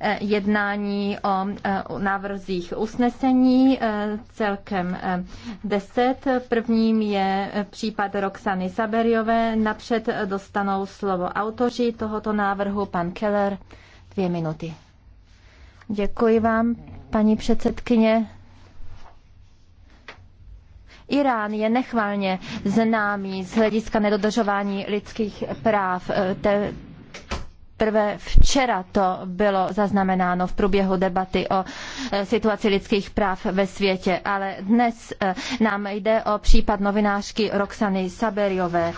Eh, jednání eh, o návrzích usnesení, eh, celkem deset. Prvním je případ Roxany Saberiové. Napřed dostanou slovo autoři tohoto návrhu, pan Keller, dvě minuty. Děkuji vám, paní předsedkyně. Irán je nechvalně známý z hlediska nedodržování lidských práv. Teprve včera to bylo zaznamenáno v průběhu debaty o e, situaci lidských práv ve světě, ale dnes e, nám jde o případ novinářky Roxany Saberiové.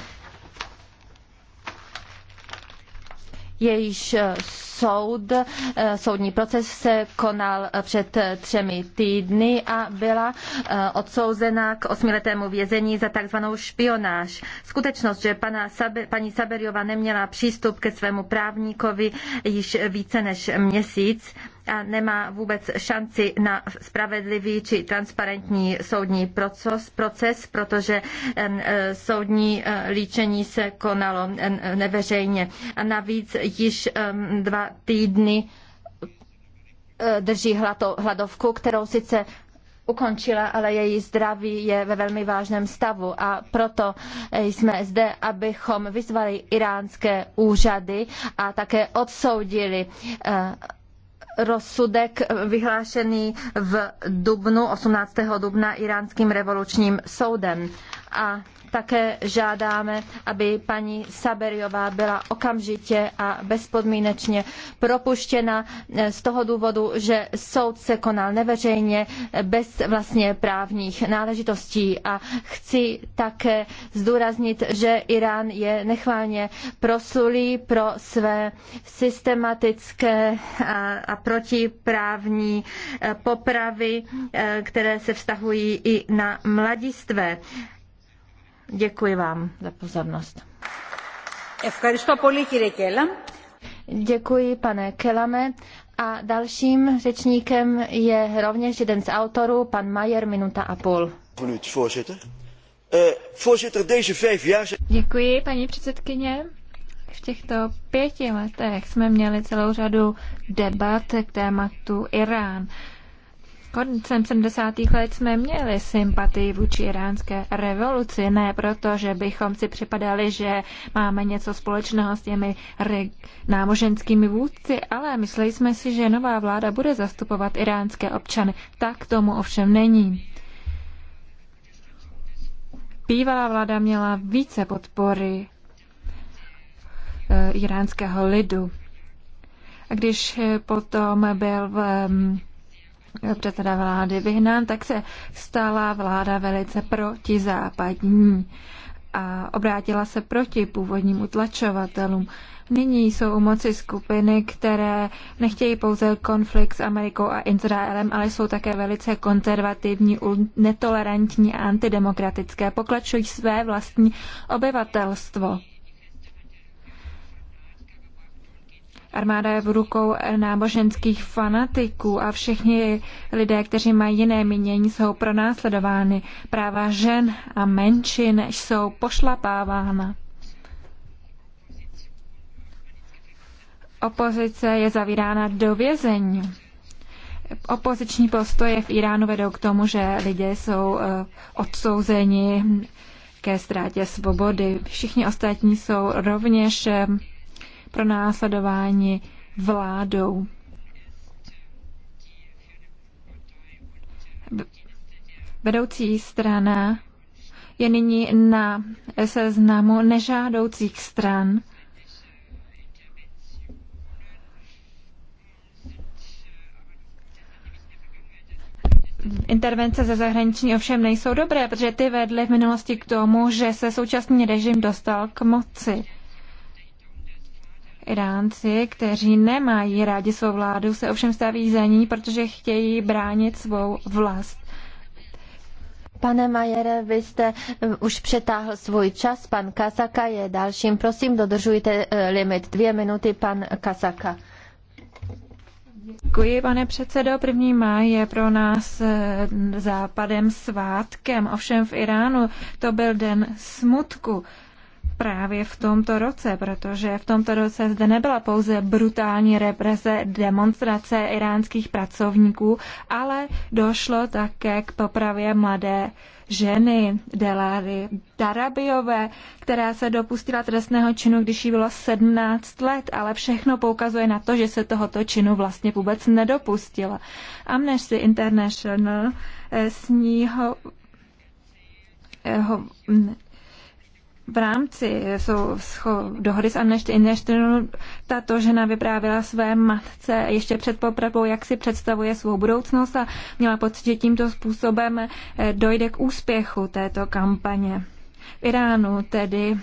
Jejíž e, soud, eh, soudní proces se konal před třemi týdny a byla eh, odsouzena k osmiletému vězení za takzvanou špionáž. Skutečnost, že pana Sabe, paní Saberiova neměla přístup ke svému právníkovi již více než měsíc, nemá vůbec šanci na spravedlivý či transparentní soudní proces, proces protože e, soudní e, líčení se konalo e, neveřejně. A navíc již dva týdny drží hladovku, kterou sice ukončila, ale její zdraví je ve velmi vážném stavu a proto jsme zde, abychom vyzvali iránské úřady a také odsoudili rozsudek vyhlášený v dubnu, 18. dubna iránským revolučním soudem. A také žádáme, aby paní Saberiová byla okamžitě a bezpodmínečně propuštěna eh, z toho důvodu, že soud se konal neveřejně, bez vlastně právních náležitostí. A chci také zdůraznit, že Irán je nechválně proslulý pro své systematické a protiprávní eh, popravy, eh, které se vztahují i na mladistvé. Děkuji vám za pozornost. Děkuji, pane Kelame. A dalším řečníkem je rovněž jeden z autorů, pan Majer, minuta a půl. Eh, Děkuji, paní předsedkyně. V těchto pěti letech jsme měli celou řadu debat k tématu Irán. Koncem 70. let jsme měli sympatii vůči iránské revoluci, ne proto, že bychom si připadali, že máme něco společného s těmi re- námoženskými vůdci, ale mysleli jsme si, že nová vláda bude zastupovat iránské občany. Tak tomu ovšem není. Bývalá vláda měla více podpory eh, iránského lidu. A když eh, potom byl v mm, předseda vlády vyhnán, tak se stala vláda velice protizápadní a obrátila se proti původním utlačovatelům. Nyní jsou u moci skupiny, které nechtějí pouze konflikt s Amerikou a Izraelem, ale jsou také velice konzervativní, netolerantní a antidemokratické. Poklačují své vlastní obyvatelstvo. Armáda je v rukou náboženských fanatiků a všichni lidé, kteří mají jiné mínění, jsou pronásledovány. Práva žen a menšin jsou pošlapávána. Opozice je zavírána do vězení. Opoziční postoje v Iránu vedou k tomu, že lidé jsou eh, odsouzeni ke ztrátě svobody. Všichni ostatní jsou rovněž eh, pro vládou. Vedoucí strana je nyní na seznamu nežádoucích stran. intervence ze zahraničí ovšem nejsou dobré, protože ty vedly v minulosti k tomu, že se současný režim dostal k moci. Iránci, kteří nemají rádi svou vládu, se ovšem staví za ní, protože chtějí bránit svou vlast. Pane Majere, vy jste eh, už přetáhl svůj čas. Pan Kasaka je dalším. Prosím, dodržujte eh, limit. Dvě minuty, pan Kasaka. Děkuji, pane předsedo. První máj je pro nás eh, západem svátkem. Ovšem v Iránu to byl den smutku právě v tomto roce, protože v tomto roce zde nebyla pouze brutální represe demonstrace iránských pracovníků, ale došlo také k popravě mladé ženy Delary Darabiové, která se dopustila trestného činu, když jí bylo 17 let, ale všechno poukazuje na to, že se tohoto činu vlastně vůbec nedopustila. Amnesty International eh, s ní ho, eh, ho v rámci jsou dohody s Amnesty International tato žena vyprávěla své matce ještě před popravou, jak si představuje svou budoucnost a měla pocit, že tímto způsobem eh, dojde k úspěchu této kampaně. V Iránu tedy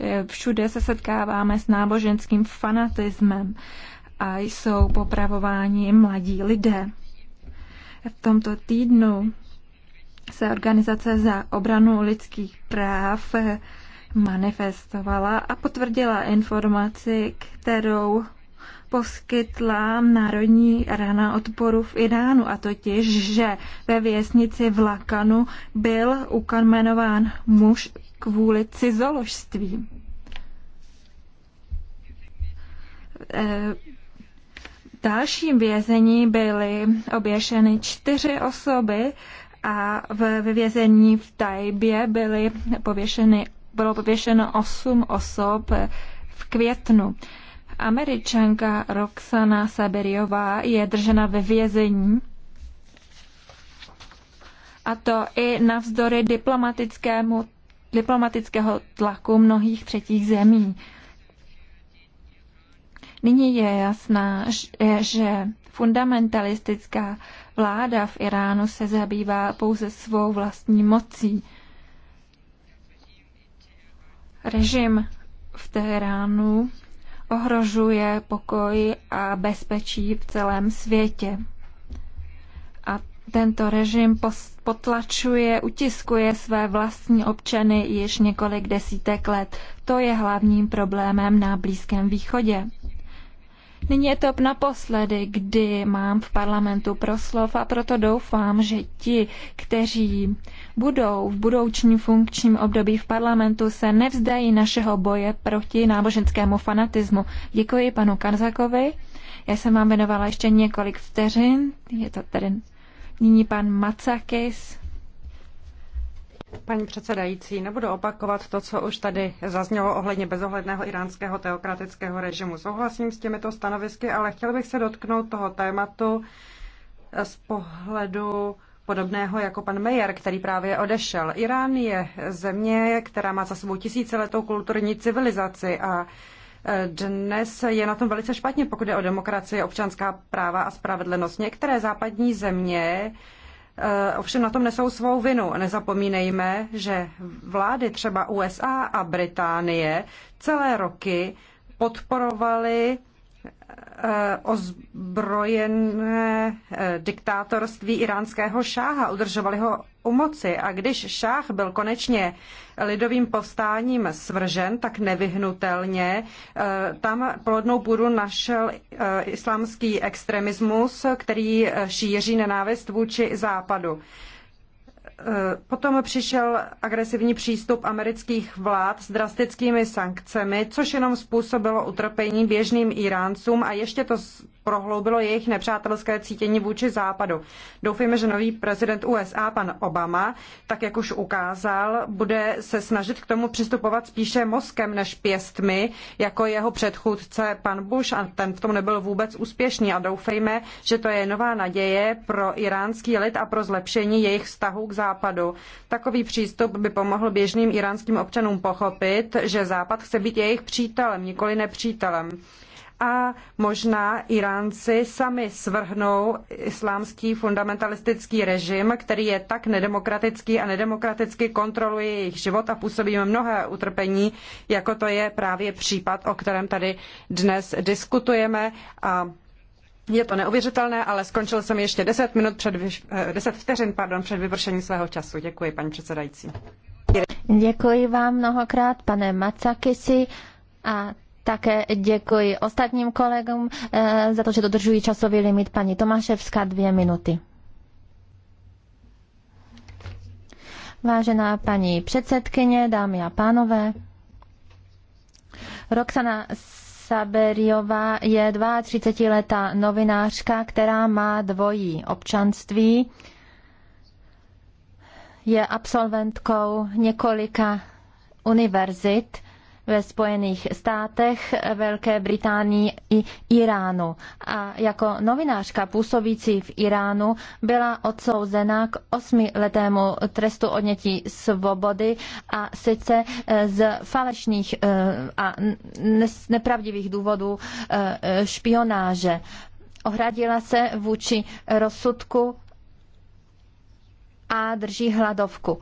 eh, všude se setkáváme s náboženským fanatismem a jsou popravováni mladí lidé. V tomto týdnu se organizace za obranu lidských práv eh, manifestovala a potvrdila informaci, kterou poskytla Národní rana odporu v Iránu, a totiž, že ve věznici v Lakanu byl ukamenován muž kvůli cizoložství. E, dalším vězení byly oběšeny čtyři osoby a v vězení v Tajbě byly pověšeny bylo pověšeno 8 osob v květnu. Američanka Roxana Saberiová je držena ve vězení a to i navzdory diplomatickému, diplomatického tlaku mnohých třetích zemí. Nyní je jasná, že fundamentalistická vláda v Iránu se zabývá pouze svou vlastní mocí. Režim v Teheránu ohrožuje pokoj a bezpečí v celém světě. A tento režim potlačuje, utiskuje své vlastní občany již několik desítek let. To je hlavním problémem na Blízkém východě. Nyní je to naposledy, kdy mám v parlamentu proslov a proto doufám, že ti, kteří budou v budoucím funkčním období v parlamentu, se nevzdají našeho boje proti náboženskému fanatismu. Děkuji panu Karzakovi. Já jsem vám věnovala ještě několik vteřin. Je to tady nyní pan Macakis. Paní předsedající, nebudu opakovat to, co už tady zaznělo ohledně bezohledného iránského teokratického režimu. Souhlasím s těmito stanovisky, ale chtěl bych se dotknout toho tématu z pohledu podobného jako pan Meyer, který právě odešel. Irán je země, která má za sebou tisíciletou kulturní civilizaci a e, dnes je na tom velice špatně, pokud je o demokracii, občanská práva a spravedlnost. Některé západní země e, ovšem na tom nesou svou vinu. Nezapomínejme, že vlády třeba USA a Británie celé roky podporovaly Eh, ozbrojené eh, diktátorství iránského šáha, udržovali ho u moci a když šáh byl konečně lidovým povstáním svržen, tak nevyhnutelně eh, tam plodnou půdu našel islámský extremismus, který šíří nenávist vůči západu. Eh, potom přišel agresivní přístup amerických vlád s drastickými sankcemi, což jenom způsobilo utrpení běžným Iráncům a ještě to prohloubilo jejich nepřátelské cítění vůči západu. Doufejme, že nový prezident USA, pan Obama, tak jak už ukázal, bude se snažit k tomu přistupovat spíše mozkem než pěstmi, jako jeho předchůdce pan Bush a ten v tom nebyl vůbec úspěšný a doufejme, že to je nová naděje pro iránský lid a pro zlepšení jejich vztahu k západu. Takový přístup by pomohl běžným iránským občanům pochopit, že západ chce být jejich přítelem, nikoli nepřítelem a možná Iránci sami svrhnou islámský fundamentalistický režim, který je tak nedemokratický a nedemokraticky kontroluje jejich život a působí mnohé utrpení, jako to je právě případ, o kterém tady dnes diskutujeme a je to neuvěřitelné, ale skončil jsem ještě 10, minut před, 10 eh, vteřin pardon, před vypršením svého času. Děkuji, paní předsedající. Děkuji vám mnohokrát, pane Macakisi. A také děkuji ostatním kolegům eh, za to, že dodržují časový limit. Paní Tomáševská, dvě minuty. Vážená paní předsedkyně, dámy a pánové, Roxana Saberiová je 32-letá novinářka, která má dvojí občanství. Je absolventkou několika univerzit ve Spojených státech, Velké Británii i Iránu. A jako novinářka působící v Iránu byla odsouzena k osmiletému trestu odnětí svobody a sice eh, z falešných eh, a nepravdivých důvodů eh, špionáže. Ohradila se vůči rozsudku a drží hladovku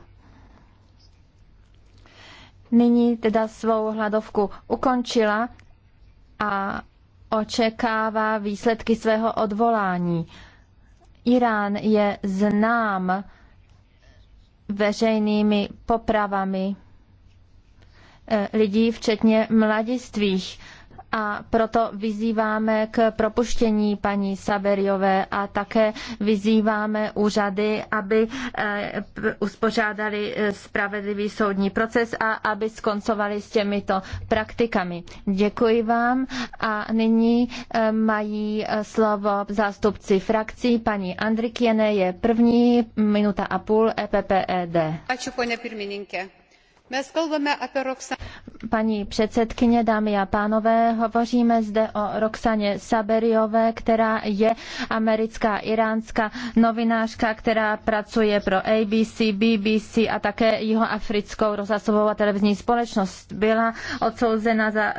nyní teda svou hladovku ukončila a očekává výsledky svého odvolání. Irán je znám veřejnými popravami eh, lidí, včetně mladistvých a proto vyzýváme k propuštění paní Saberiové a také vyzýváme úřady, aby eh, uspořádali eh, spravedlivý soudní proces a aby skoncovali s těmito praktikami. Děkuji vám a nyní eh, mají slovo zástupci frakcí. Paní Andrikiene je první, minuta a půl EPPED. Ačiū, ponia pirmininkė. Mes kalbame apie Paní předsedkyně, dámy a pánové, hovoříme zde o Roxaně Saberiové, která je americká iránská novinářka, která pracuje pro ABC, BBC a také jihoafrickou rozhlasovou a televizní společnost. Byla odsouzena za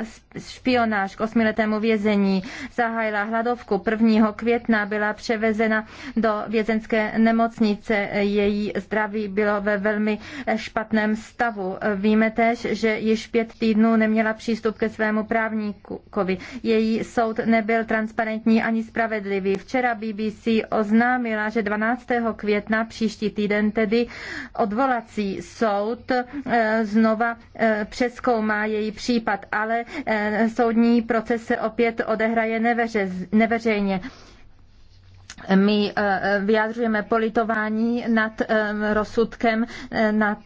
špionáž k osmiletému vězení, zahájila hladovku 1. května, byla převezena do vězenské nemocnice. Její zdraví bylo ve velmi špatném stavu. Víme též, že již pět týdnů neměla přístup ke svému právníkovi. Její soud nebyl transparentní ani spravedlivý. Včera BBC oznámila, že 12. května příští týden tedy odvolací soud eh, znova eh, přeskoumá její případ, ale eh, soudní proces se opět odehraje neveřejně my eh, vyjadřujeme politování nad eh, rozsudkem eh, nad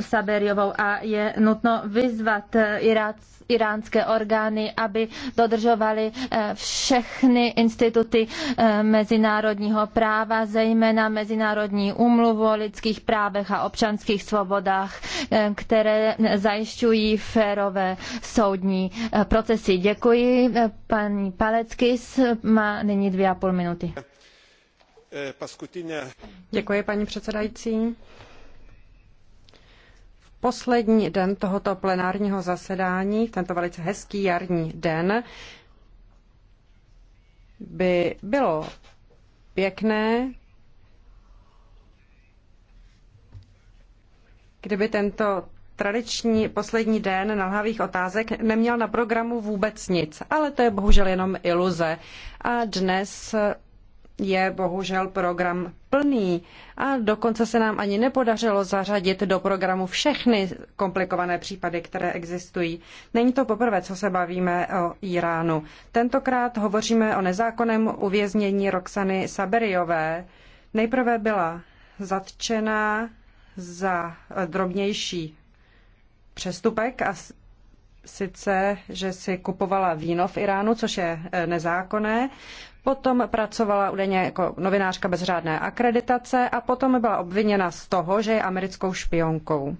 Saberiovou a je nutno vyzvat Irác iránské orgány, aby dodržovaly eh, všechny instituty eh, mezinárodního práva, zejména mezinárodní úmluvu o lidských právech a občanských svobodách, eh, které zajišťují férové soudní procesy. Děkuji. Paní Paleckis má nyní dvě a půl minuty. Děkuji, paní předsedající poslední den tohoto plenárního zasedání, v tento velice hezký jarní den, by bylo pěkné, kdyby tento tradiční poslední den nalhavých otázek neměl na programu vůbec nic, ale to je bohužel jenom iluze. A dnes je bohužel program plný a dokonce se nám ani nepodařilo zařadit do programu všechny komplikované případy, které existují. Není to poprvé, co se bavíme o Iránu. Tentokrát hovoříme o nezákonném uvěznění Roxany Saberiové. Nejprve byla zatčená za drobnější přestupek a sice, že si kupovala víno v Iránu, což je e, nezákonné potom pracovala údajně jako novinářka bez řádné akreditace a potom byla obviněna z toho, že je americkou špionkou.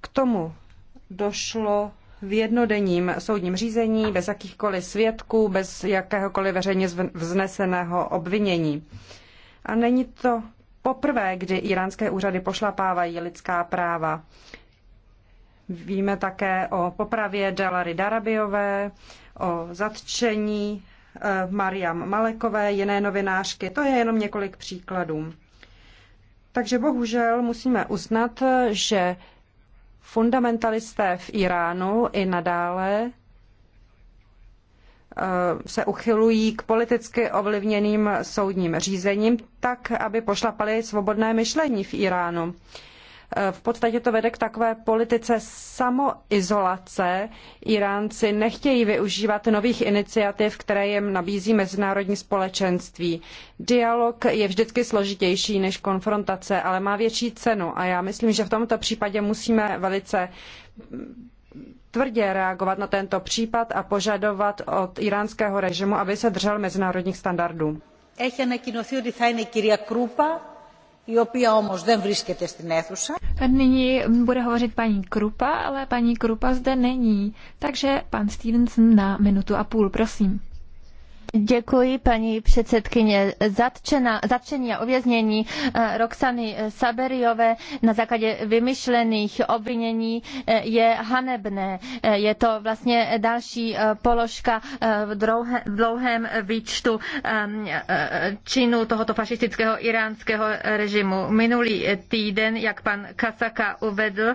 K tomu došlo v jednodenním soudním řízení, bez jakýchkoliv svědků, bez jakéhokoliv veřejně vzneseného obvinění. A není to poprvé, kdy iránské úřady pošlapávají lidská práva. Víme také o popravě Dalary Darabiové, o zatčení eh, Mariam Malekové, jiné novinářky. To je jenom několik příkladů. Takže bohužel musíme uznat, že fundamentalisté v Iránu i nadále eh, se uchylují k politicky ovlivněným soudním řízením tak, aby pošlapali svobodné myšlení v Iránu. Eh, v podstatě to vede k takové politice samoizolace. Iránci nechtějí využívat nových iniciativ, které jim nabízí mezinárodní společenství. Dialog je vždycky složitější než konfrontace, ale má větší cenu a já myslím, že v tomto případě musíme velice tvrdě reagovat na tento případ a požadovat od iránského režimu, aby se držel mezinárodních standardů. Έχει ανακοινωθεί ότι θα είναι κυρία Κρούπα Nyní bude hovořit paní Krupa, ale paní Krupa zde není, takže pan Stevenson na minutu a půl, prosím. Děkuji paní předsedkyně. Zatčena, zatčení a uvěznění eh, Roxany Saberiové na základě vymyšlených obvinění eh, je hanebné. Eh, je to vlastně další položka v dlouhém výčtu ehm, činu tohoto fašistického iránského režimu. Minulý týden, jak pan Kasaka uvedl,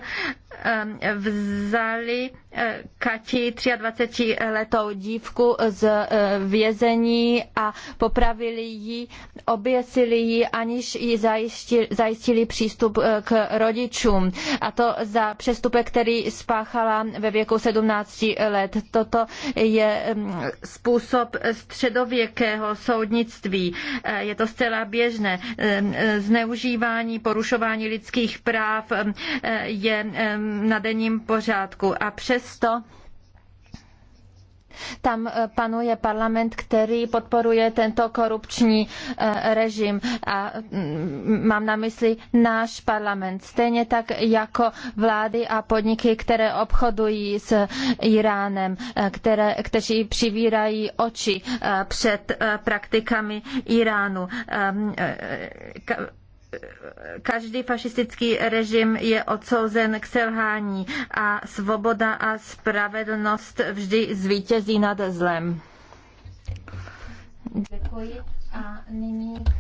Ehm, vzali eh, Kati, 23-letou dívku z eh, vězení a popravili ji, oběsili ji, aniž ji zajistili, zajistili přístup eh, k rodičům. A to za přestupek, který spáchala ve věku 17 let. Toto je ehm, způsob středověkého soudnictví. Je to zcela běžné. Ehm, zneužívání, porušování lidských práv je na denním pořádku. A přesto tam eh, panuje parlament, který podporuje tento korupční eh, režim a mm, mám na mysli náš parlament. Stejně tak jako vlády a podniky, které obchodují s Iránem, eh, které, kteří přivírají oči před praktikami Iránu ehm, každý fašistický režim je odsouzen k selhání a svoboda a spravedlnost vždy zvítězí nad zlem. Děkuji a nyní k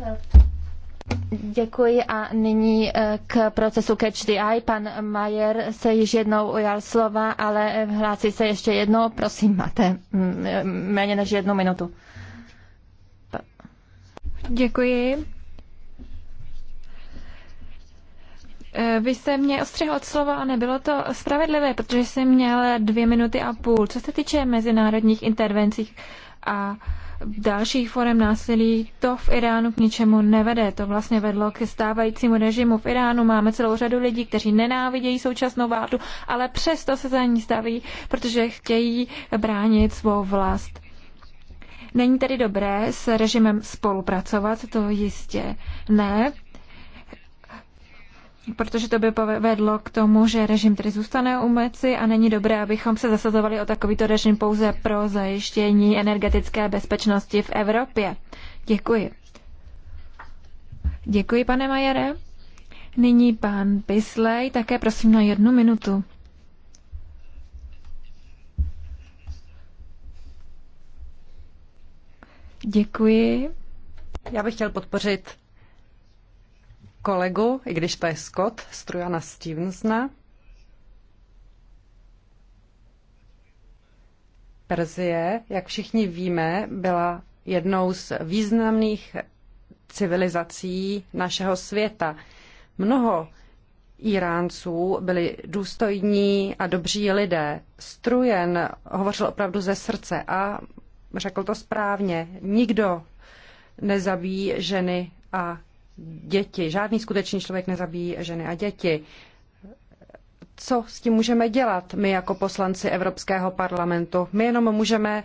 Děkuji a nyní eh, k procesu Catch the Eye. Pan Majer se již jednou ujal slova, ale eh, hlásí se ještě jednou. Prosím, máte mm, eh, méně než jednu minutu. Děkuji. Eh, vy jste mě ostřihl od slova a nebylo to spravedlivé, protože jsem měl dvě minuty a půl. Co se týče mezinárodních intervencí a dalších forem násilí, to v Iránu k ničemu nevede. To vlastně vedlo k stávajícímu režimu v Iránu. Máme celou řadu lidí, kteří nenávidějí současnou vládu, ale přesto se za ní staví, protože chtějí bránit svou vlast. Není tedy dobré s režimem spolupracovat, to jistě ne protože to by povedlo, k tomu, že režim tedy zůstane u moci a není dobré, abychom se zasazovali o takovýto režim pouze pro zajištění energetické bezpečnosti v Evropě. Děkuji. Děkuji, pane Majere. Nyní pan Pislej, také prosím na jednu minutu. Děkuji. Já bych chtěl podpořit kolegu, i když to je Scott, Strujana Stevensna. Perzie, jak všichni víme, byla jednou z významných civilizací našeho světa. Mnoho Iránců byli důstojní a dobří lidé. Strujen hovořil opravdu ze srdce a řekl to správně. Nikdo nezabíjí ženy a děti. Žádný skutečný člověk nezabíjí ženy a děti. Co s tím můžeme dělat my jako poslanci Evropského parlamentu? My jenom můžeme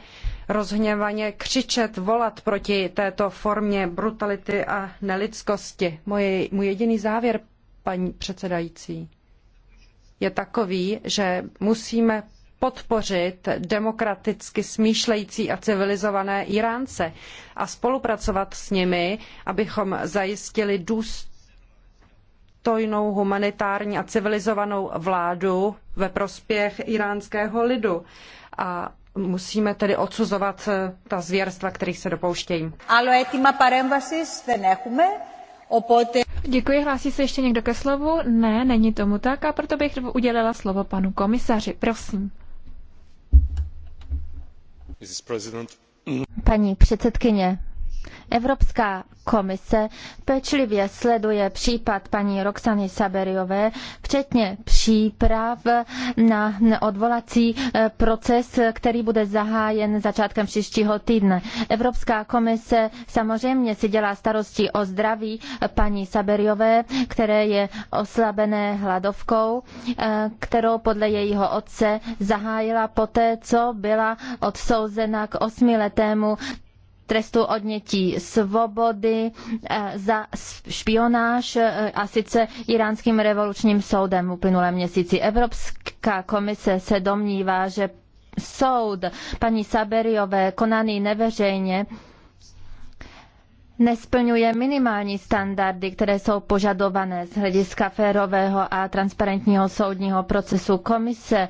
rozhněvaně křičet, volat proti této formě brutality a nelidskosti. Moje, můj jediný závěr, paní předsedající, je takový, že musíme podpořit demokraticky smýšlející a civilizované Iránce a spolupracovat s nimi, abychom zajistili důstojnou humanitární a civilizovanou vládu ve prospěch iránského lidu. A musíme tedy odsuzovat eh, ta zvěrstva, kterých se dopouštějí. Ale Děkuji, hlásí se ještě někdo ke slovu? Ne, není tomu tak a proto bych udělala slovo panu komisaři. Prosím. Paní předsedkyně, Evropská komise pečlivě sleduje případ paní Roxany Saberiové, včetně příprav na odvolací eh, proces, který bude zahájen začátkem příštího týdne. Evropská komise samozřejmě si dělá starosti o zdraví paní Saberiové, které je oslabené hladovkou, eh, kterou podle jejího otce zahájila poté, co byla odsouzena k osmiletému trestu odnětí svobody eh, za špionáž eh, a sice iránským revolučním soudem v uplynulém měsíci. Evropská komise se domnívá, že soud paní Saberiové konaný neveřejně nesplňuje minimální standardy, které jsou požadované z hlediska férového a transparentního soudního procesu. Komise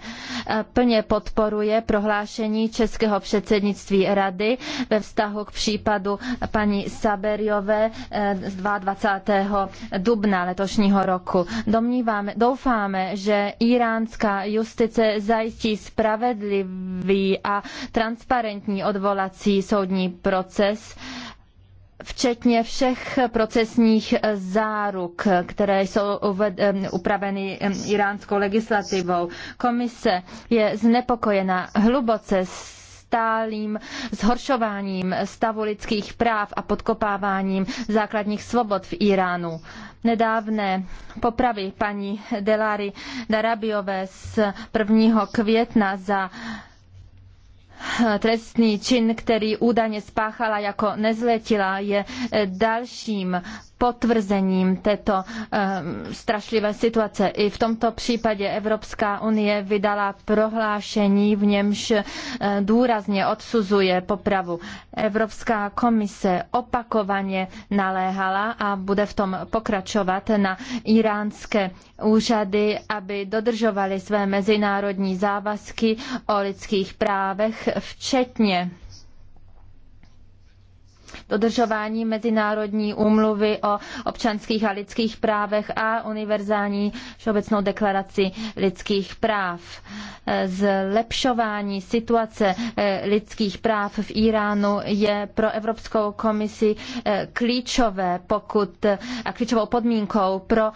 plně podporuje prohlášení českého předsednictví rady ve vztahu k případu paní Saberiové eh, z 22. dubna letošního roku. Domníváme, doufáme, že iránská justice zajistí spravedlivý a transparentní odvolací soudní proces, včetně všech procesních záruk, které jsou upraveny iránskou legislativou. Komise je znepokojena hluboce stálým zhoršováním stavu lidských práv a podkopáváním základních svobod v Iránu. Nedávné popravy paní Delary Darabiové z 1. května za trestný čin, který údajně spáchala jako nezletila, je eh, dalším potvrzením této um, strašlivé situace. I v tomto případě Evropská unie vydala prohlášení, v němž uh, důrazně odsuzuje popravu. Evropská komise opakovaně naléhala a bude v tom pokračovat na iránské úřady, aby dodržovali své mezinárodní závazky o lidských právech, včetně dodržování Mezinárodní úmluvy o občanských a lidských právech a univerzální všeobecnou deklaraci lidských práv. Zlepšování situace eh, lidských práv v Iránu je pro Evropskou komisi eh, klíčové, pokud eh, a klíčovou podmínkou pro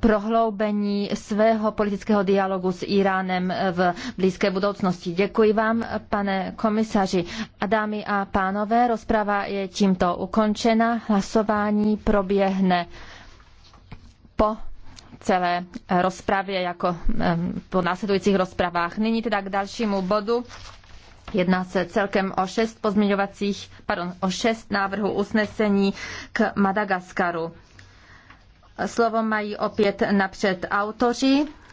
prohloubení svého politického dialogu s Iránem v blízké budoucnosti. Děkuji vám, pane komisaři. A dámy a pánové, rozprava je tím tímto ukončena. Hlasování proběhne po celé rozpravě, jako po následujících rozpravách. Nyní teda k dalšímu bodu. Jedná se celkem o šest pozměňovacích, pardon, o šest návrhů usnesení k Madagaskaru. Slovo mají opět napřed autoři.